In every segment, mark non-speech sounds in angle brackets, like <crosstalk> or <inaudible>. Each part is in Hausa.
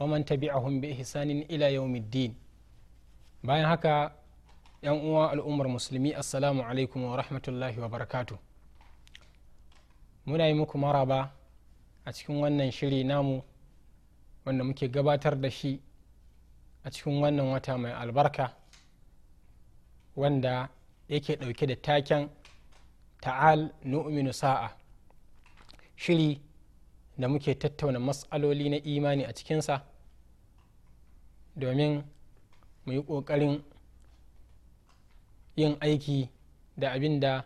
wa man tabi'ahum bi ihsanin ila din bayan haka yan uwa al'ummar musulmi assalamu alaikum wa rahmatullahi wa barakatu muna yi muku maraba a cikin wannan shiri namu wanda muke gabatar da shi a cikin wannan wata mai albarka wanda yake ɗauke da taken ta'al nu'minu sa'a shiri da muke tattauna matsaloli na imani a cikinsa domin mu yi ƙoƙarin yin aiki da abin da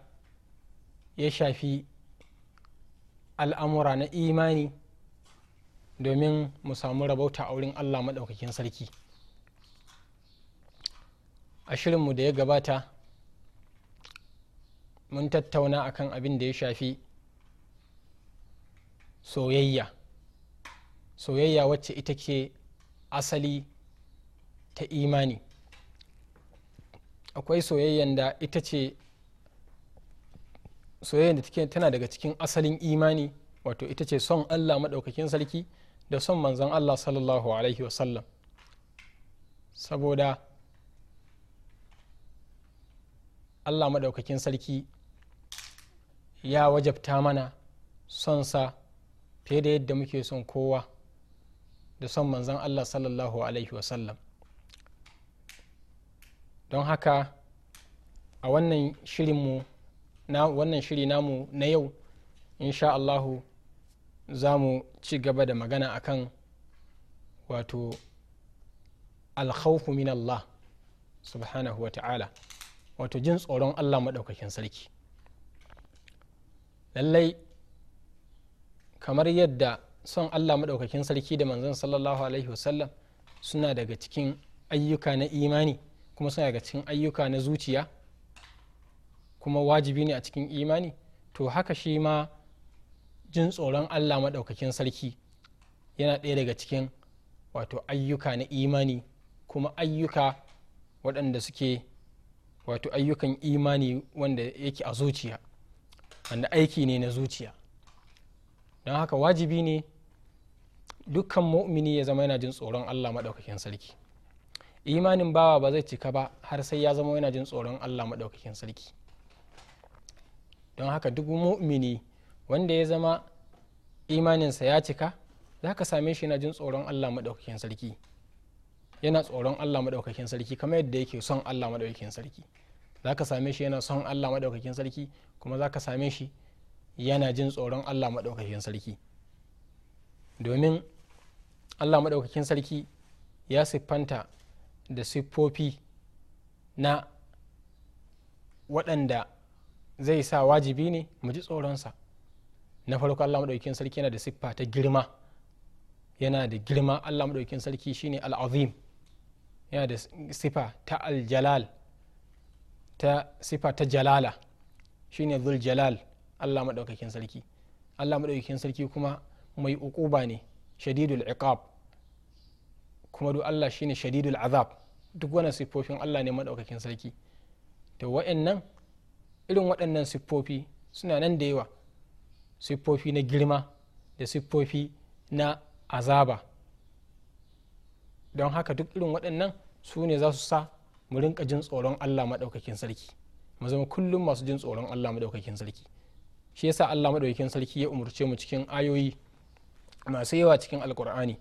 ya shafi al'amura na imani domin mu samu rabauta a wurin allah maɗaukakin sarki a mu da ya gabata mun tattauna akan abin da ya shafi soyayya soyayya wacce ita ke asali ta imani akwai soyayyan da ita ce soyayyan da tana daga cikin asalin imani wato ita ce son allah maɗaukakin sarki da son manzon allah sallallahu alaihi wasallam saboda allah maɗaukakin sarki ya wajabta mana sonsa fiye da yadda muke son kowa da son manzan allah sallallahu alaihi wasallam don haka a wannan mu na wannan shiri namu na yau insha allahu za mu ci gaba da magana akan wato alkhawfu min allah subhanahu wa ta'ala wato jin tsoron allah maɗaukakin sarki lallai kamar yadda son allah maɗaukakin sarki da manzon sallallahu alaihi wasallam suna daga cikin ayyuka na imani kuma suna daga cikin ayyuka na zuciya kuma wajibi ne a cikin imani to haka shi ma jin tsoron allah maɗaukakin sarki yana ɗaya daga cikin wato ayyuka na imani kuma ayyuka waɗanda suke wato ayyukan imani wanda yake a zuciya wanda aiki ne na zuciya don haka wajibi ne dukkan mu'mini ya zama yana jin tsoron allah maɗaukakin sarki imanin bawa ba zai cika ba har sai ya zama yana jin tsoron allah maɗaukakin sarki don haka duk mu'mini wanda ya zama imaninsa ya cika za ka same shi yana jin tsoron allah maɗaukakin sarki yana tsoron allah maɗaukakin sarki kamar yadda yake son allah maɗaukakin sarki za ka same shi yana son allah maɗaukakin sarki kuma za ka same shi yana jin tsoron allah maɗaukakin sarki domin allah maɗaukakin sarki ya siffanta da siffofi na waɗanda zai sa wajibi ne mu ji tsoronsa na farko allah maɗaukakin sarki yana da siffa ta girma yana da girma allah maɗaukakin sarki shine al'azim yana da siffa ta aljalal ta siffa ta jalala shine zul jalal Allah maɗaukakin sarki Allah maɗaukakin sarki kuma mai uquba ne shadidul iqab kuma duk Allah shine shadidul azab duk wannan siffofin Allah ne maɗaukakin sarki to wa'annan irin waɗannan siffofi suna nan da yawa siffofi na girma da siffofi na azaba don haka duk irin waɗannan su ne za su sa mu rinka jin tsoron allah maɗaukakin sarki mu zama kullum masu jin tsoron allah maɗaukakin sarki shi yasa Allah madaukakin sarki ya umurce mu cikin ayoyi masu yawa cikin alkur'ani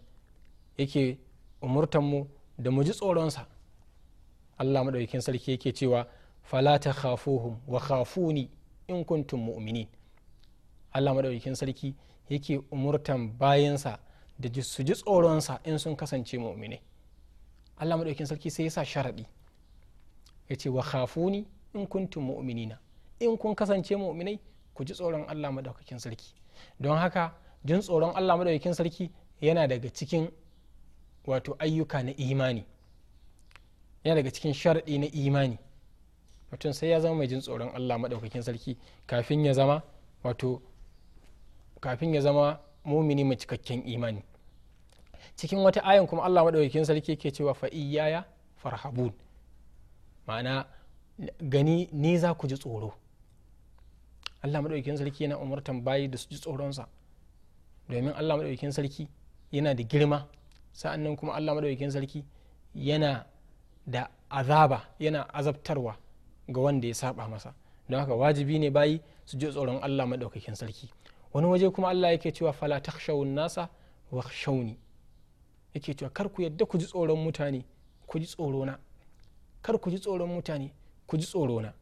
yake umurtan mu da mu ji tsoronsa Allah madaukakin sarki yake cewa fala ta khafuhum wa khafuni in kuntum mu'minin Allah madaukakin sarki yake umurtan bayansa da su ji tsoronsa in sun kasance mu'mine Allah madaukakin sarki sai yasa sa sharadi ya ce wa khafuni in kuntum mu'minina in kun kasance mu'minai ku ji tsoron allah maɗaukakin sarki don haka jin tsoron allah maɗaukakin sarki yana daga cikin wato ayyuka na imani yana daga cikin sharaɗi na imani mutum sai ya zama mai jin tsoron allah maɗaukakin sarki kafin ya zama wato kafin ya zama mumini mai cikakken imani cikin wata ayan kuma allah maɗaukakin sarki ke cewa fa'iyaya farhabun ma'ana gani ni za ku ji tsoro Allah madaukakin sarki yana umartan bayi da su ji tsoronsa domin Allah madaukakin sarki yana da girma sa'annan kuma Allah madaukakin sarki yana da azaba yana azabtarwa ga wanda ya saba masa don haka wajibi ne bayi su ji tsoron Allah madaukakin sarki wani waje kuma Allah yake cewa fala takhshawun nasa wa wakhshawni yake cewa kar ku yadda ku ji tsoron mutane ku ji tsorona kar ku ji tsoron mutane ku ji tsorona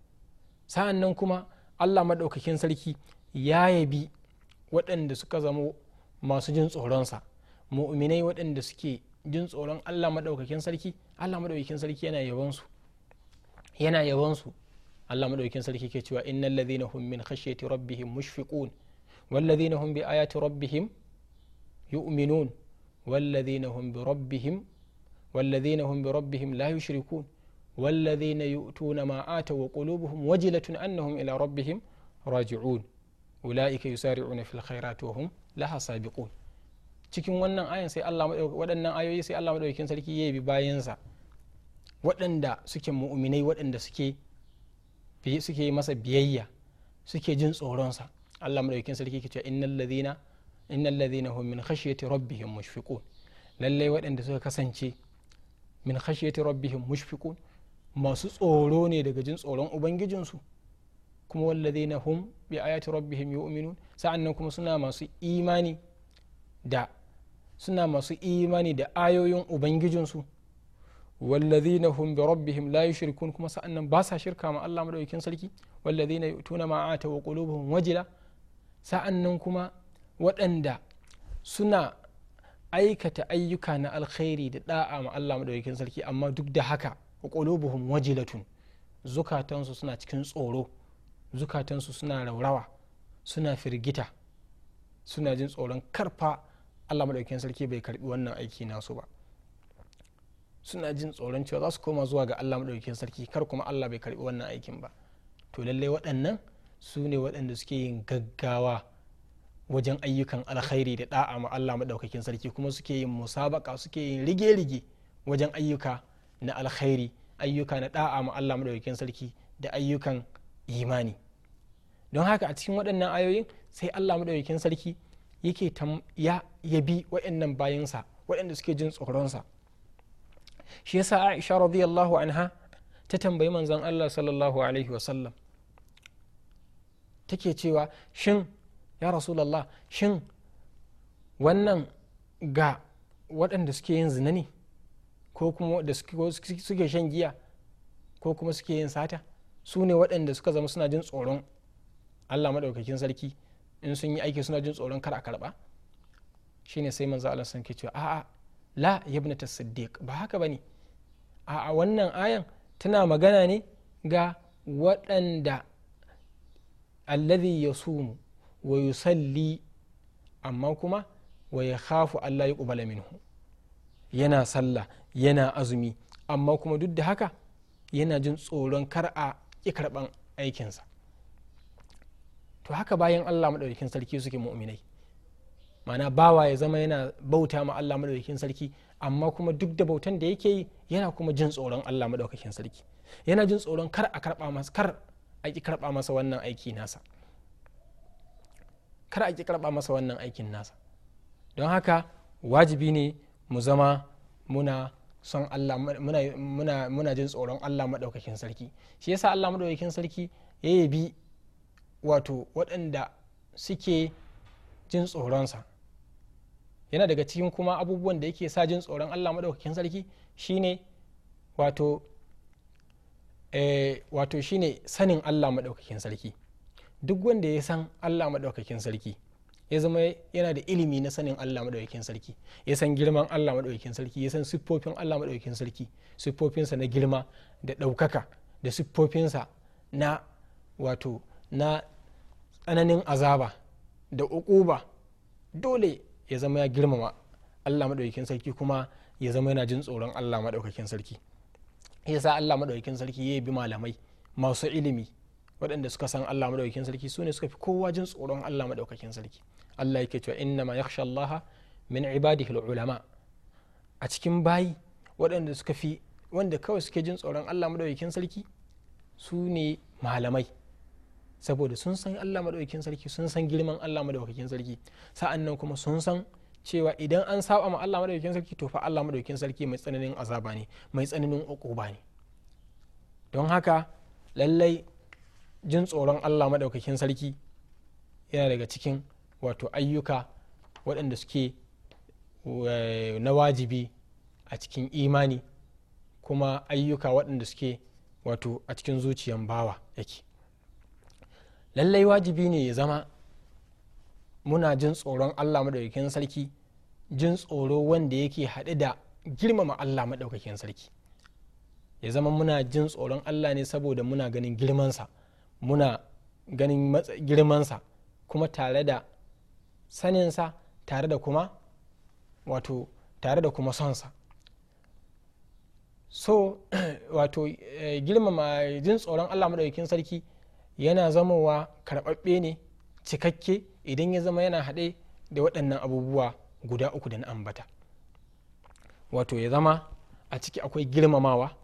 sa'an nan kuma allah maɗaukakin sarki ya yabi waɗanda suka zama masu jin tsoronsa mu'minai waɗanda suke jin tsoron allah maɗaukakin sarki allah maɗaukakin sarki yana yabansu yana yabansu allah maɗaukakin sarki ke cewa innal ladhina hum min khashyati rabbihim mushfiqun wal ladhina hum bi ayati rabbihim yu'minun wal ladhina hum bi rabbihim wal ladhina hum bi rabbihim la yushrikun والذين يؤتون ما آتوا وقلوبهم وجلة أنهم إلى ربهم راجعون أولئك يسارعون في الخيرات وهم لها سابقون cikin wannan ayan sai Allah waɗannan ayoyi sai Allah sarki ya bi bayansa waɗanda suke mu'minai waɗanda suke suke masa biyayya suke jin tsoronsa Allah madaukakin sarki ke cewa innal ladina innal ladhina hum min khashyati rabbihim mushfiqun lallai waɗanda suka kasance min khashyati rabbihim mushfiqun masu tsoro ne daga jin tsoron ubangijinsu kuma wallazina hum bi ayati rabbihim yu'minun nan kuma suna masu imani da suna masu imani da ayoyin ubangijinsu na hum bi rabbihim la yushrikun kuma sa'an nan ba sa shirka ma Allah madaukakin sarki wallazina yu'tuna ma ata wa qulubuhum wajila nan kuma waɗanda suna aikata ayyuka na alkhairi da da'a ma Allah madaukakin sarki amma duk da haka wa qulubuhum wajilatun zukatansu suna cikin tsoro zukatansu suna raurawa suna firgita suna jin tsoron karfa Allah madaukakin sarki bai karbi wannan aiki nasu ba suna jin tsoron cewa za su koma zuwa ga Allah madaukakin sarki kar kuma Allah bai karbi wannan aikin ba to lallai waɗannan su ne waɗanda suke yin gaggawa wajen ayyukan alkhairi da da'a ma Allah madaukakin sarki kuma suke yin musabaka suke yin rige-rige wajen ayyuka na alkhairi ayyuka na da'a ma Allah madaukakin sarki da ayyukan imani don haka a cikin waɗannan ayoyin sai Allah madaukakin sarki yake ya yabi waɗannan bayansa waɗanda suke jin tsoronsa shi yasa Aisha radiyallahu anha ta tambayi manzon Allah sallallahu alaihi wasallam take cewa shin ya rasulallah shin wannan ga waɗanda suke yin zina ne ko kuma da suke shan giya ko kuma suke yin sata su ne waɗanda suka zama suna jin tsoron allah maɗaukakin sarki in sun yi aiki suna jin tsoron kar a karɓa shi ne sai manzo allah sun ke cewa a'a la yabnata siddiq ba haka ba ne a'a wannan ayan tana magana ne ga waɗanda ya sumu wa yusalli amma kuma wa hafu allah ƙubala minhu yana sallah yana azumi amma kuma duk da haka yana jin tsoron kar a ƙi karɓan aikinsa to haka bayan allah maɗaukakin sarki suke mu'minai mana bawa ya zama yana bauta ma allah maɗaukakin sarki amma kuma duk da bautan da yake yi yana kuma jin tsoron allah maɗaukakin sarki yana jin tsoron kar a karɓa masa kar a ƙi karɓa masa wannan aiki nasa kar a ƙi karɓa masa wannan aikin nasa don haka wajibi ne mu zama muna son Allah muna muna jin tsoron Allah madaukakin sarki shi yasa Allah madaukakin sarki ya yabi wato waɗanda suke jin tsoronsa yana daga cikin kuma abubuwan da yake sa jin tsoron Allah madaukakin sarki shine wato eh, wato shine sanin Allah madaukakin sarki duk wanda ya san Allah madaukakin sarki ya zama yana da ilimi na sanin Allah maɗaukakin sarki ya san girman Allah maɗaukakin sarki ya san siffofin Allah maɗaukakin sarki siffofinsa na girma da ɗaukaka da siffofinsa na wato na tsananin azaba da uquba dole ya zama ya girmama Allah maɗaukakin sarki kuma ya zama yana jin tsoron Allah maɗaukakin sarki sa Allah maɗaukakin sarki ya bi malamai masu ilimi waɗanda suka san Allah madaukakin sarki su ne suka fi kowa jin tsoron Allah madaukakin sarki Allah yake cewa inna ma yakhsha Allah min ibadihi ulama a cikin bayi waɗanda suka fi wanda kawai suke jin tsoron Allah madaukakin sarki su ne malamai saboda sun san Allah madaukakin sarki sun san girman Allah madaukakin sarki nan kuma sun san cewa idan an saba ma Allah madaukakin sarki to fa Allah madaukakin sarki mai tsananin azaba ne mai tsananin ukuba ne don haka lallai jin tsoron allah maɗaukakin sarki yana daga cikin wato ayyuka waɗanda suke eh, na wajibi a cikin imani kuma ayyuka waɗanda suke wato a cikin zuciyan bawa yake lallai wajibi ne ya zama muna jin tsoron allah maɗaukakin sarki jin tsoro wanda yake haɗe da girmama allah maɗaukakin sarki ya zama muna jin tsoron allah ne saboda muna ganin girmansa muna ganin girmansa kuma tare da saninsa tare da kuma wato tare da kuma sonsa so <clears throat> wato eh, girmama jin tsoron allah maɗaukin sarki yana zamowa karɓaɓɓe ne cikakke idan ya zama yana haɗe da waɗannan abubuwa guda uku da na ambata wato ya zama a ciki akwai girmamawa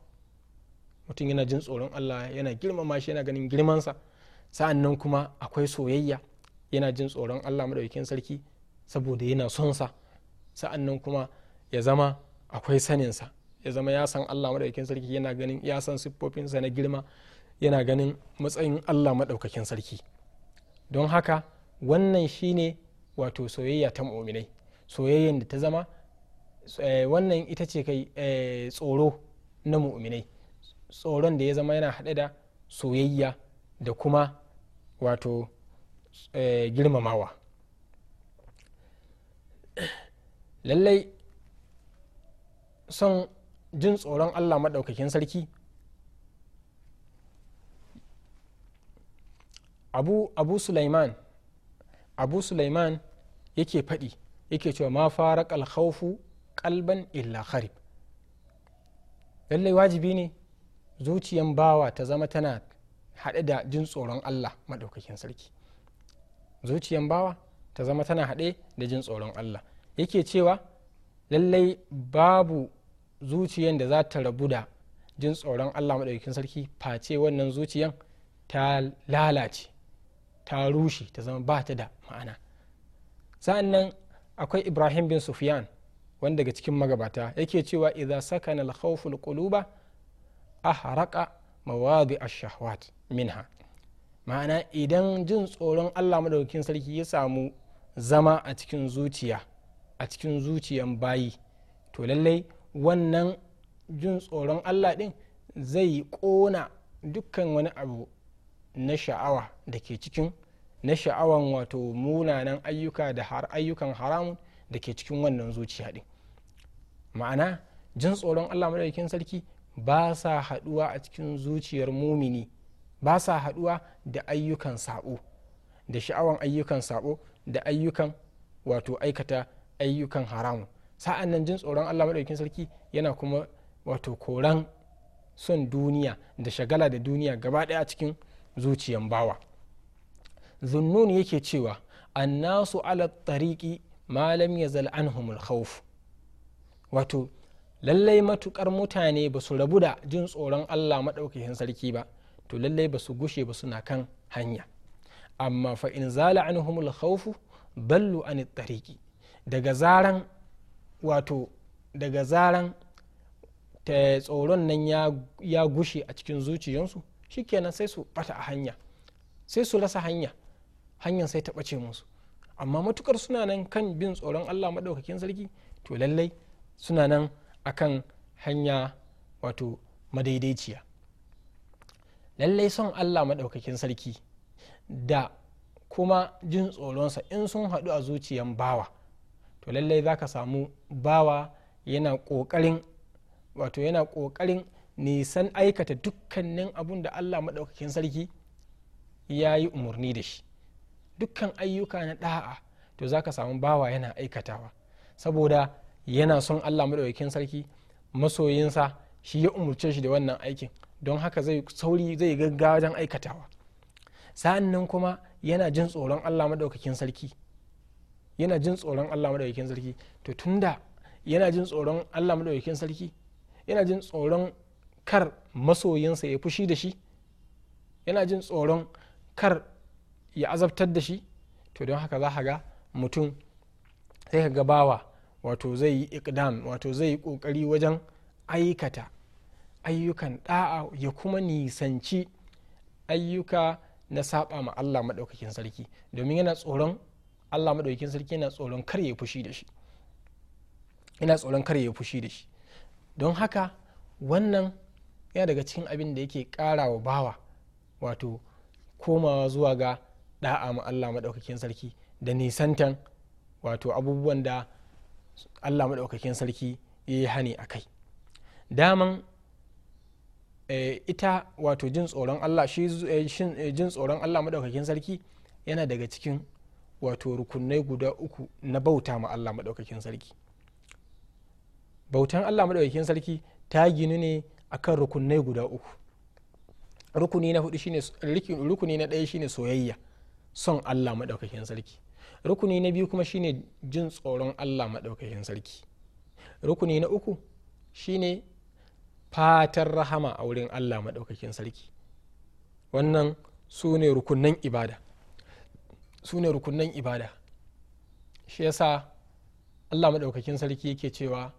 mutum yana jin tsoron Allah yana girmama shi yana ganin girmansa sa'an nan kuma akwai soyayya yana jin tsoron Allah madaukakin sarki saboda yana son sa sa'an nan kuma ya zama akwai sanin sa ya zama ya san Allah madaukakin sarki yana ganin ya san siffofinsa na girma yana ganin matsayin Allah madaukakin sarki don haka wannan shine wato soyayya ta mu'minai soyayyan da ta zama eh, wannan ita ce kai eh, tsoro na mu'minai tsoron da ya zama yana haɗe da soyayya da kuma wato eh, girmamawa lallai son jin tsoron allah maɗaukakin sarki abu abu sulaiman abu sulaiman yake faɗi yake cewa ma fara kalhaufu kalban illa kharib lallai wajibi ne zuciyan bawa ta zama tana haɗe da jin tsoron allah maɗaukakin sarki zuciyan bawa ta zama tana haɗe da jin tsoron allah yake cewa lallai babu zuciyan da za ta rabu da jin tsoron allah maɗaukakin sarki face wannan zuciyan ta lalace ta rushe ta zama ba ta da ma'ana sa'an nan akwai ibrahim bin sufyan wanda daga cikin magabata yake cewa idza sakana al al quluba ahraqa mawadi ash-shahwat minha ma'ana idan jin tsoron allah madaukakin sarki ya samu zama a cikin zuciya a cikin zuciyan bayi to lallai wannan jin tsoron allah din zai kona dukkan wani abu na sha'awa da ke cikin na sha'awan wato munanan ayyuka da har ayyukan haramun da ke cikin wannan zuciya din ma'ana jin tsoron allah madaukakin sarki ba sa haɗuwa a cikin zuciyar mumini ba sa haɗuwa da ayyukan saɓo da sha'awan ayyukan saɓo da ayyukan wato aikata ayyukan haramu sa'an nan jin tsoron allah maɗaukin sarki yana kuma wato koran son duniya da shagala da duniya gaba ɗaya a cikin zuciyan bawa zunnun yake cewa annasu ala tariki malam ya zal anhumul khawf wato lallai matukar mutane ba su rabu da jin tsoron allah maɗaukakin sarki ba to lallai ba su gushe ba suna kan hanya amma fa in zala humul khawfu ballu an tariki daga zaran wato daga zaran tsoron nan ya gushe a cikin zuciyansu shi kenan sai su bata a hanya sai su rasa hanya hanyar sai ta ɓace musu amma matukar suna nan kan bin tsoron allah maɗaukakin sarki to lallai suna nan akan hanya wato madaidaiciya lallai son allah maɗaukakin sarki da kuma jin tsoronsa in sun haɗu a zuciyan bawa to lallai za ka samu bawa yana ƙoƙarin wato yana ƙoƙarin nisan aikata dukkanin abun da allah maɗaukakin sarki ya yi umarni da shi dukkan ayyuka na ɗa'a to za ka samu bawa yana aikatawa saboda yana son allah maɗaukakin sarki masoyinsa shi ya umurce shi da wannan aikin don haka zai sauri zai gaggawa wajen aikatawa sa'an kuma yana jin tsoron allah maɗaukakin sarki yana jin tsoron allah maɗaukakin sarki to tunda yana jin tsoron allah maɗaukakin sarki yana jin tsoron kar masoyinsa ya fushi da shi yana jin tsoron kar ya azabtar da shi to don haka za ka ga mutum sai ka gabawa wato zai yi ikdam wato zai yi kokari wajen aikata ayyukan da'a ya kuma nisanci ayyuka na saba ma Allah maɗaukakin sarki domin yana tsoron Allah maɗaukakin sarki yana tsoron kar ya fushi da shi yana tsoron kar ya fushi da shi don haka wannan yana daga cikin abin da yake ƙara wa bawa wato komawa zuwa ga da'a ma Allah maɗaukakin sarki da nisantan wato abubuwan da allah maɗaukakin sarki ya yi hani a kai daman eh, ita wato jin tsoron allah shi eh, eh, jin tsoron allah maɗaukakin sarki yana daga cikin wato rukunai guda uku na bauta ma allah maɗaukakin sarki bautan allah maɗaukakin sarki ta ginu ne akan rukunai guda uku rukuni na hudu rukuni na ɗaya shine soyayya son allah maɗaukakin sarki rukuni na biyu kuma shine jin tsoron allah maɗaukakin sarki rukuni na uku shine fatan rahama a wurin allah maɗaukakin sarki wannan su ne rukunan ibada su ne rukunan ibada shi yasa allah maɗaukakin sarki yake cewa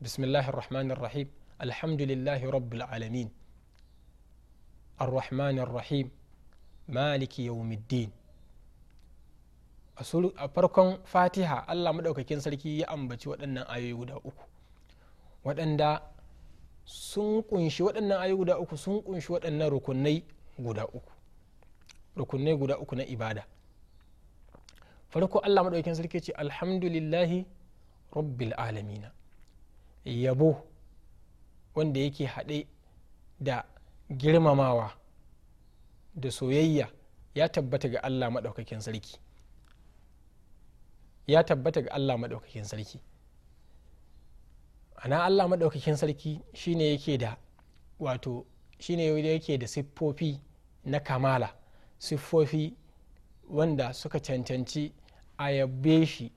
bismillahir rahmanir rahim alhamdulillahi rabbil alamin الرحمن الرحيم مالك يوم الدين a farkon fatiha allah maɗaukakin sarki ya ambaci waɗannan ayoyi guda uku waɗanda sun kunshi waɗannan ayoyi guda uku sun kunshi waɗannan rukunai guda uku rukunai guda uku na ibada farko allah maɗaukakin sarki ce alhamdulillahi rabbil alamina yabo wanda yake haɗe da girmamawa da soyayya ya tabbata ga allah maɗaukakin sarki ya tabbata ga allah maɗaukakin sarki ana allah maɗaukakin sarki shine yake da wato shine yake da siffofi na kamala siffofi wanda suka cancanci a yabe shi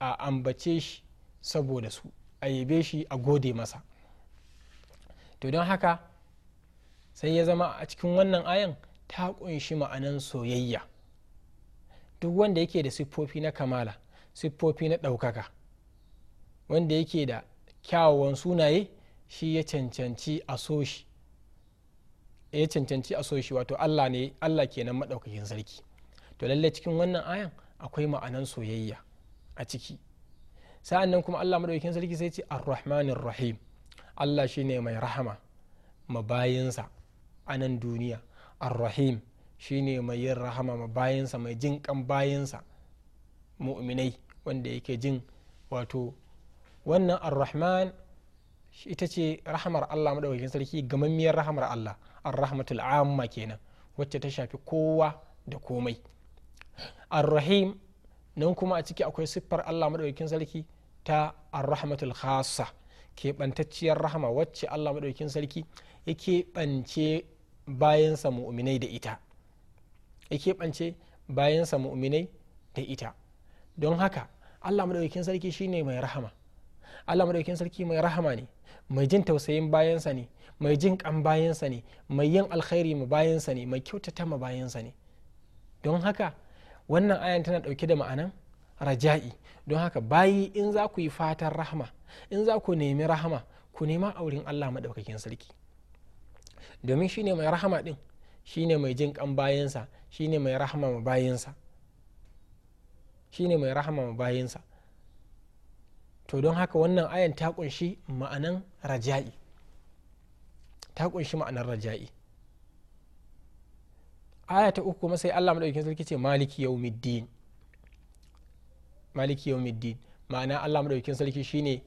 a ambace shi saboda su a yabe shi a gode masa to don haka sai ya zama a cikin wannan ayan ta kunshi ma'anan soyayya duk wanda yake da siffofi na kamala siffofi na ɗaukaka wanda yake da kyawawan sunaye shi ya cancanci a soshi ya cancanci a soshi wato allah ne allah kenan maɗaukakin sarki to lallai cikin wannan ayan akwai ma'anan soyayya a ciki sa'an nan kuma allah maɗaukakin sarki sai ce arrahmanin rahim allah shine mai rahama mabayinsa a nan duniya arrahim rahim shine mai yin rahama ma bayansa mai jin kan bayansa mu'minai wanda yake jin wato wannan ar-rahman ita ce rahamar Allah madaukakin sarki gamammiyar rahamar Allah ar-rahmatul amma kenan wacce ta shafi kowa da komai Arrahim nan kuma a ciki akwai siffar Allah madaukakin sarki ta ar-rahmatul khassa keɓantacciyar rahama wacce Allah madaukakin sarki ya keɓance bayansa mu'minai da ita bance bayan bayansa mu'minai da ita don haka allah madaukakin sarki shine mai rahama allah madaukakin sarki mai rahama ne mai jin tausayin bayansa ne mai jin kan bayansa ne mai yin alkhairi ma bayansa ne mai kyautata ma bayansa ne don haka wannan ayan tana dauke da ma'anan raja'i don haka bayi in za ku yi fatan rahama in za ku nemi rahama ku nema auren allah maɗaukakin sarki domin shine mai rahama din shine mai jin kan bayansa shine mai rahama ma bayansa shine mai rahama ma bayansa to don haka wannan ayan ta kunshi ma'anan raja'i ta kunshi ma'anan raja'i aya ta uku kuma sai Allah madaukakin sarki ce maliki yaumiddin maliki yaumiddin ma'ana Allah madaukakin sarki shine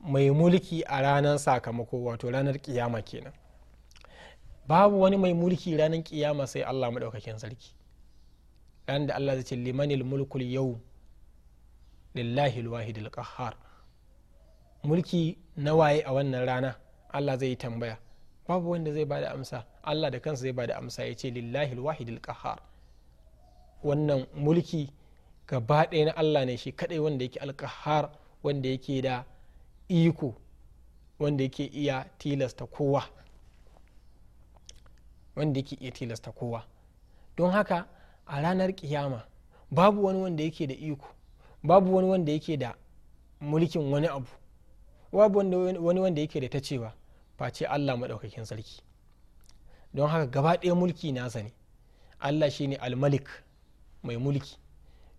mai mulki a ranar sakamako wato ranar kiyama kenan babu wani mai mulki ranar kiyama sai Allah madaukakin sarki ran da Allah zai ce limanil mulkul yau lillahi wahidil qahhar mulki na waye a wannan rana Allah zai yi tambaya babu wanda zai bada amsa Allah da kansa zai bada amsa ya ce lillahi wahidil qahhar wannan mulki gaba ɗaya na Allah ne shi kadai wanda yake alqahhar wanda yake da iko wanda yake iya tilasta kowa wanda yake iya tilasta kowa don haka a ranar kiyama babu wani wanda yake da iko babu wani wanda yake da mulkin wani abu babu wani wanda yake da ta cewa face allah maɗaukakin sarki don haka gaba ɗaya mulki nasa ne allah shine almalik mai mulki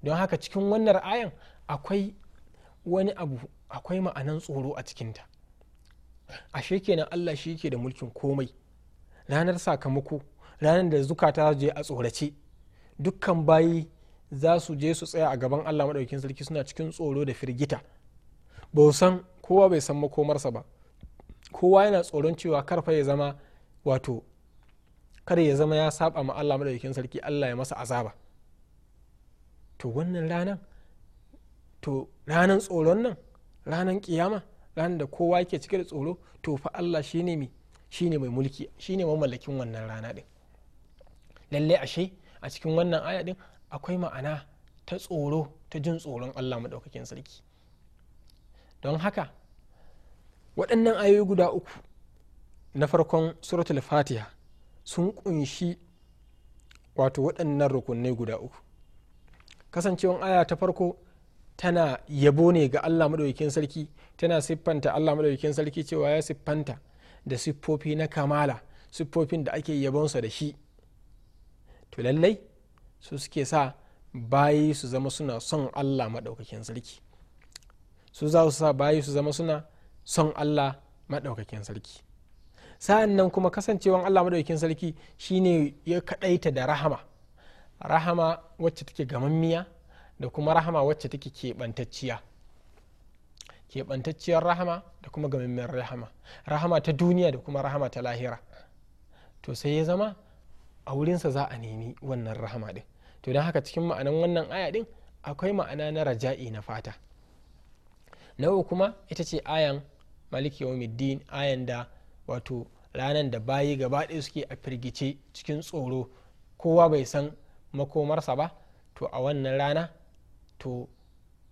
don haka cikin wannan ayan akwai wani abu akwai ma'anan tsoro a cikinta ashe kenan allah shi yake da mulkin komai ranar sakamako ranar da zukata je a tsorace dukkan bayi za su je su tsaya a gaban allah maɗaukin sarki suna cikin tsoro da firgita ba san kowa bai san makomarsa ba kowa yana tsoron cewa karfa ya zama wato kada ya zama ya saba ma allah maɗaukin sarki allah ya masa azaba to wannan ranan to ranan tsoron nan ranan kiyama ranar da kowa yake cike da tsoro to fa allah shi ne mai mulki shine mamallakin wannan rana din lallai ashe a cikin wannan aya din akwai ma'ana ta tsoro ta jin tsoron Allah maɗaukakin sarki don haka waɗannan ayoyi guda uku na farkon suratul fatiha sun kunshi wato waɗannan rukunai guda uku kasancewan aya ta farko tana yabo ne ga allah maɗaukakin sarki tana siffanta allah maɗaukakin sarki cewa ya siffanta da siffofi na kamala siffofin da ake yabonsa da shi to lallai su suke sa bayi su zama suna son allah maɗaukakin sarki su za su sa bayi su zama suna son allah maɗaukakin sarki sa'an kuma kasancewan allah maɗaukakin sarki shine ya kaɗaita da rahama rahama wacce take gamammiya da kuma rahama wacce take keɓantacciya keɓantacciyar rahama da kuma gamammiyar rahama rahama ta duniya da kuma rahama ta lahira to sai ya zama a wurinsa za a nemi wannan rahama din to don haka cikin ma'anan wannan aya din akwai ma'ana na raja'i na fata na uku kuma ita ce ayan maliki yawmiddin ayan da wato ranar da bayi gaba ɗaya suke a firgice cikin tsoro kowa bai san makomarsa ba to a wannan rana to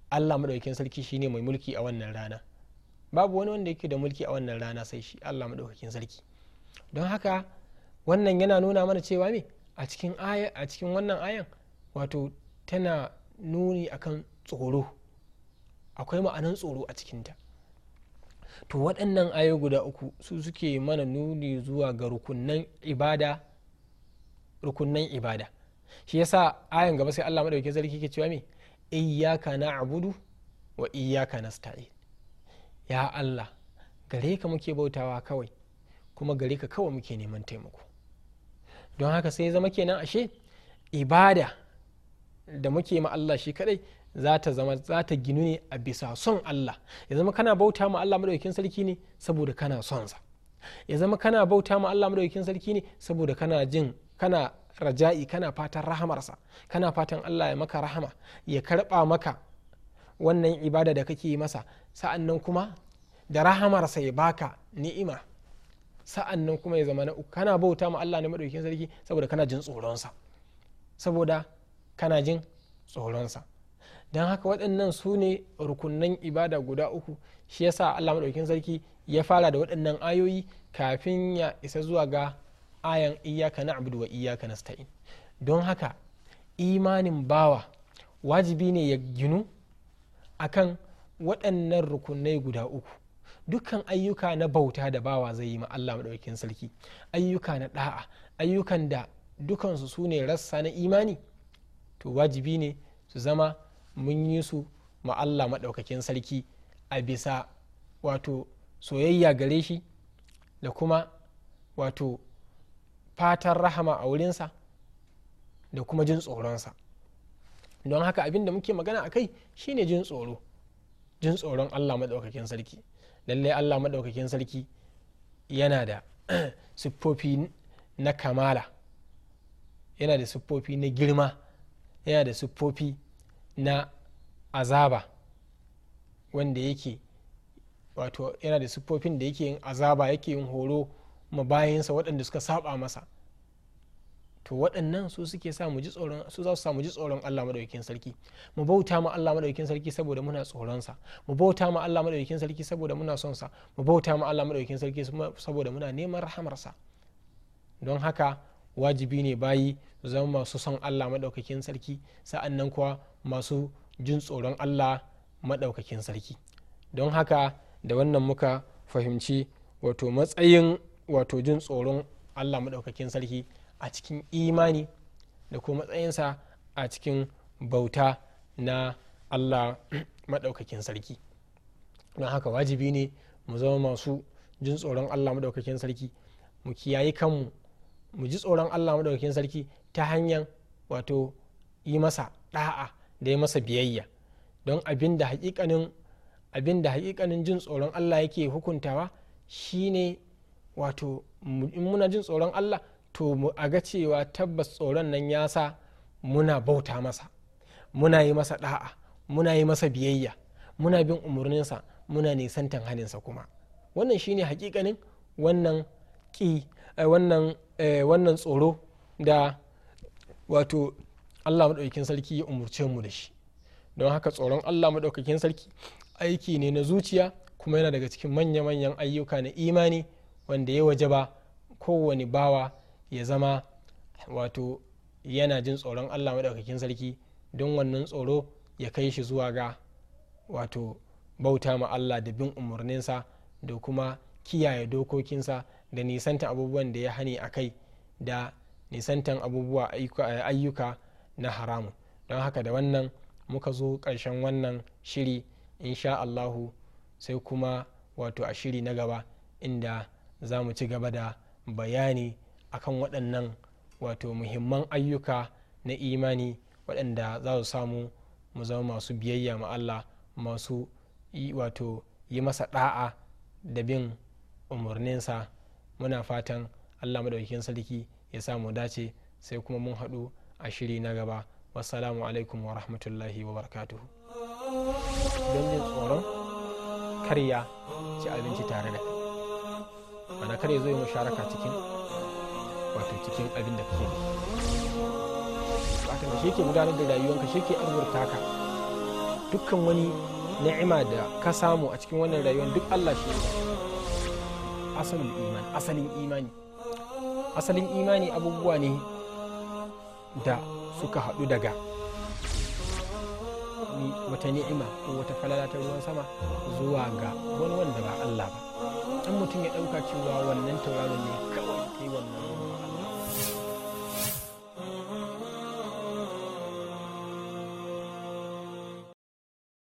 allah maɗaukin sarki shine mai mulki a wannan rana babu wani wanda yake da mulki a wannan rana sai shi allah maɗaukin sarki don haka wannan yana nuna mana cewa me a cikin aya a cikin wannan ayan wato tana nuni akan tsoro akwai ma'anan tsoro a cikinta to waɗannan ayo guda uku su suke mana nuni zuwa ga rukunnan ibada rukunnan ibada shi yasa ayan gaba sai Allah madaukakin sarki ke cewa me iyyaka na'budu wa iyyaka nasta'in ya Allah gare ka muke bautawa kawai kuma gare ka kawai muke neman taimako don haka sai zama kenan ashe ibada da muke ma Allah shi kadai za ta zama za ta ginu ne a bisa son Allah ya zama kana bauta ma Allah madaukakin sarki ne saboda kana son sa ya zama kana bauta ma Allah madaukakin sarki ne saboda kana jin kana raja'i kana fatan rahamarsa kana fatan Allah ya maka rahama ya karba maka wannan ibada da kake yi masa sa'annan kuma da rahamarsa ya baka ni'ima sa'an nan kuma ya zama na uku kana bauta ma Allah ne madaukakin sarki saboda kana jin tsoronsa saboda kana jin tsoronsa don haka waɗannan su ne rukunnan ibada guda uku shi yasa Allah madaukakin sarki ya fara da waɗannan ayoyi kafin ya isa zuwa ga ayan iyaka na abdu wa iyaka nasta'in don haka imanin bawa wajibi ne ya ginu akan waɗannan rukunai guda uku dukkan ayyuka na bauta da bawa zai yi ma Allah maɗaukin sarki ayyuka na ɗa'a ayyukan da dukansu su ne rassa na imani to wajibi ne su zama mun yi su ma Allah maɗaukakin sarki a bisa wato soyayya gare shi da kuma wato fatan rahama a wurinsa da kuma jin tsoronsa don haka abin da muke magana a kai shine jin tsoro jin tsoron allah maɗaukakin sarki lallai allah maɗaukakin sarki yana da <clears throat> siffofi na kamala yana da siffofi na girma yana da siffofi na azaba wanda yake wato yana da siffofin da yake yin azaba yake yin horo ma bayansa waɗanda suka saba masa to waɗannan su suke sa mu ji tsoron su za su samu ji tsoron Allah madaukakin sarki mu bauta ma Allah madaukakin sarki saboda muna tsoron sa mu bauta ma Allah madaukakin sarki saboda muna son sa mu bauta ma Allah madaukakin sarki saboda muna neman rahamar sa don haka wajibi ne bayi su zama masu son Allah madaukakin sarki sa'annan kuwa masu jin tsoron Allah madaukakin sarki don haka da wannan muka fahimci wato matsayin wato jin tsoron Allah madaukakin sarki a cikin imani da kuma matsayinsa a cikin bauta na allah <clears throat> maɗaukakin sarki don haka wajibi ne mu zama masu jin tsoron allah maɗaukakin sarki mu kiyaye kanmu mu ji tsoron allah maɗaukakin sarki ta hanyar wato yi masa ɗa'a da yi masa biyayya don abin da hakikanin jin tsoron allah yake hukuntawa shine wato in muna jin tsoron allah to mu a ga cewa tabbas tsoron nan ya sa muna bauta masa muna yi masa da'a muna yi masa biyayya muna bin umarninsa muna nisantan haninsa kuma wannan shine hakikanin wannan ki eh, eh, wannan tsoro da wato allah maɗaukakin sarki ya umarce mu da shi don haka tsoron allah maɗaukakin sarki aiki ne na zuciya kuma yana daga cikin manya-manyan ayyuka na imani wanda ya wajaba kowane bawa ya zama wato yana jin tsoron allah maɗaukakin sarki don wannan tsoro ya kai shi zuwa ga wato bauta ma allah da bin umarninsa da kuma kiyaye dokokinsa da nisantan abubuwan da ya hani a kai da nisantan abubuwa ayyuka na haramu don haka da wannan muka zo ƙarshen wannan shiri insha allahu sai kuma wato a shiri na gaba inda za mu ci gaba da bayani akan waɗannan wato muhimman ayyuka na imani waɗanda za su samu mu zama masu biyayya ma Allah masu wato yi masa ɗa'a da bin umarninsa muna fatan Allah madaukakin sarki ya sa mu dace sai kuma mun haɗu a shiri na gaba wassalamu alaikum wa rahmatullahi wa barakatuhu don jin tsoron karya ci abinci tare da kai mana kare zo yi musharaka cikin wato cikin abin da kake wato shi ke gudanar da rayuwanka shi ke arzurta ka dukkan wani ni'ima da ka samu a cikin wannan rayuwar duk Allah shi asalin imani asalin imani asalin imani abubuwa ne da suka haɗu daga wata ni'ima ko wata falala ta ruwan sama zuwa ga wani wanda ba Allah ba dan mutum ya ɗauka cewa wannan tauraron ne kawai ke wannan